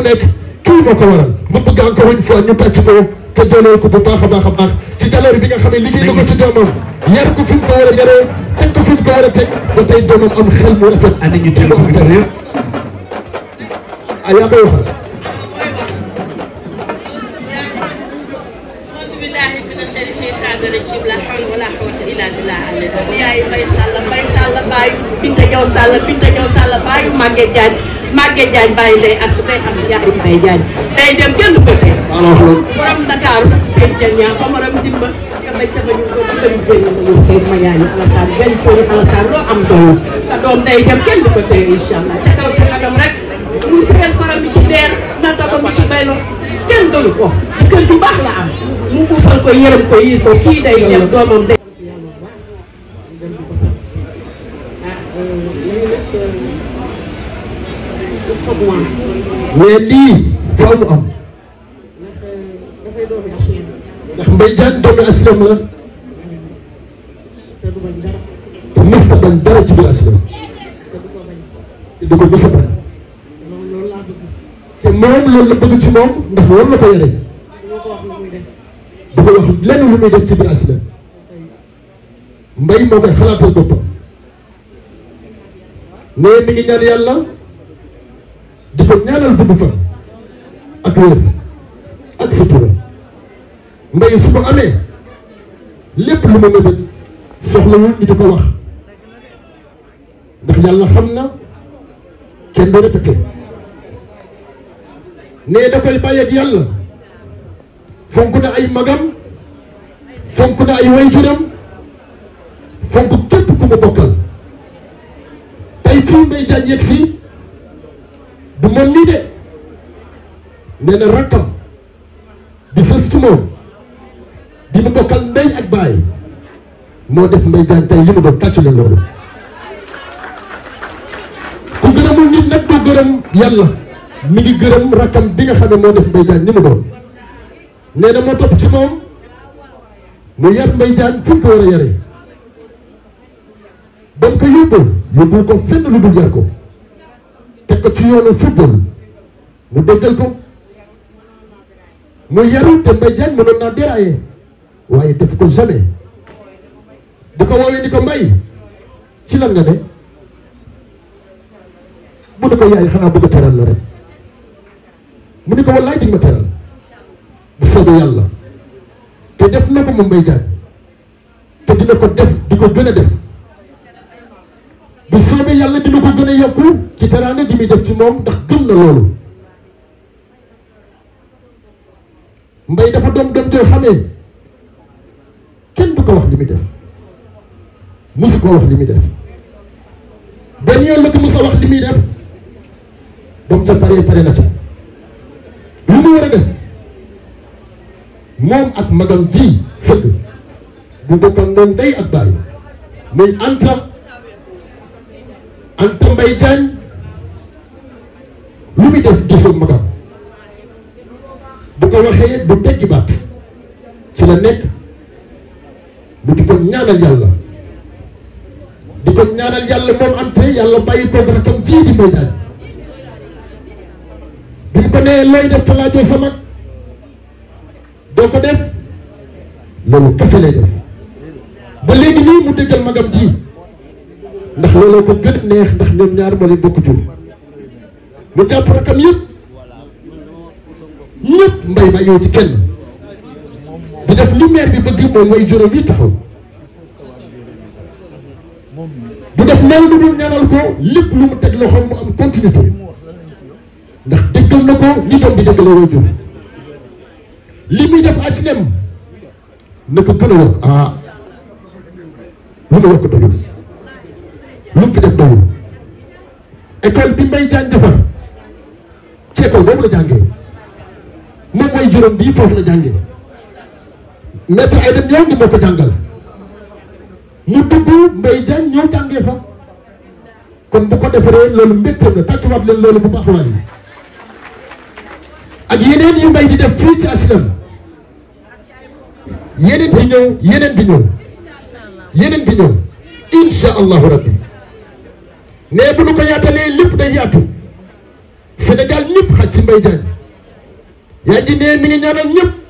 mu nekk kii moo ko waral ma bëgg encore une fois ñu tàcc ko te dooleel ko bu baax a baax a baax ci jaloor bi nga xam ne liggéey na ko ci doomam yar ko fi mu ko war a yaree teg ko fi mu ko war a teg ba tey doomam am xel mu rafet. ana ñu teel ko fi mu réer. ah yaa koy waxal. Sall Binta Jaw Sall Binta Jaw Sall Diouf Maguette Diagne Maguette bàyyi ndey asu day am yaay Mbaye Diagne day dem kenn du ko ma yaani Alassane benn tóori Alassane loo am doom sa doom day dem kenn du ko tey incha ca kaw ca kanam rek mu faram mi ci leer nanta ko mi ci baylo kenn doon ko kër ju baax la am mu musal ko yërëm ko yii ko kii day dem doomam day mais lii faaw am ndax Mbaye Diagne doomu aslam la te mës ta bañ dara ci biir aslam te du ko mës a bañ te moom loolu la bëgg ci moom ndax loolu la ko yore du ko wax lenn muy def ci biir aslam mbay moo koy xalaatal boppam mais mi ngi ñaan yàlla. di ko ñaanal gudd fan ak wér ak sutura mbay su ko amee lépp lu ma mébét soxlawul ñu di ko wax ndax yàlla xam na kenn du répété ne da koy bàyyi ak yàlla fonk na ay magam fonk na ay wayjuram fonk képp ku mu bokkal tey fii mbay jaan yegg si du man nii de nee na rakkam di sës ci moom di mu bokkal ndey ak baay moo def Mbaye Diagne tey li mu doon tàccu leen loolu ku gërëmul nit nag doo gërëm yàlla mi ngi gërëm rakkam bi nga xam ne moo def Mbaye Diagne li mu doon nee na moo topp ci moom mu yar Mbaye Diagne fi ko war a yare ba ko yóbbu yóbbu ko fenn lu dul yar ko ko ci yoonu football mu déggal ko mu yaru te Mbaye Diagne mënoon naa dérailler waaye def ko jamais bu ko woowee ni ko mbay ci lan nga ne mu ne ko yaay xanaa bëgg a teral la rek mu ni ko wallaay di ma teral bu soobee yàlla te def na ko moom Mbaye Diagne te dina ko def di ko gën a def demee yàlla dina ko gën a yokku ci teraanga gi muy def ci moom ndax gëm na loolu mbay dafa doon dem joo xamee kenn du ko wax li muy def musu def benn yoon la ko mus a wax li muy def ba sa paree pare na ca lu mu war moom ak magam ji sëgg bu bokkoon doon day ak bàyyi muy anta en Tambay Diagne lu muy def defoog magam bu ko waxee du nyala jalla, ci la nekk bu di ko ñaanal yàlla di ñaanal yàlla ante ko ci di Mbaye Diagne duñ ko nee looy def te laajoo sa mag doo ko def magamji. lay def ba mu magam ji ndax looloo ko gën neex ndax ñoom ñaar moo leen bokk jur mu jàpp rakam yëpp ñëpp mbay ma yow ci kenn di def li maire bi bëgg moom way juróom yi taxaw du def mel lu dul ñaanal ko lépp lu mu teg loxoom mu am continuité ndax déggal na ko ni doom bi déggalee way jur li muy def asinem na ko gën a yokk ah lu yokk doyul lu fi def doyul école bi Mbaye Diagne defar ci école boobu la jàngee moom mooy juróom bii foofu la jàngee maître ay dem ñëw ni moo ko jàngal mu dugg Mbaye Diagne ñëw jàngee fa kon bu ko defaree loolu mbégteem la tàccuwaat leen loolu bu baax waay ak yeneen yu mbay di def fii ci aslam yeneen di ñëw yeneen di ñëw yeneen di ñëw incha allahu rabbi ne bu nu ko yaatalee lépp day yaatu Sénégal ñëpp xaj si Mbaye Diagne yaa ji ne mi ngi ñaanal ñëpp.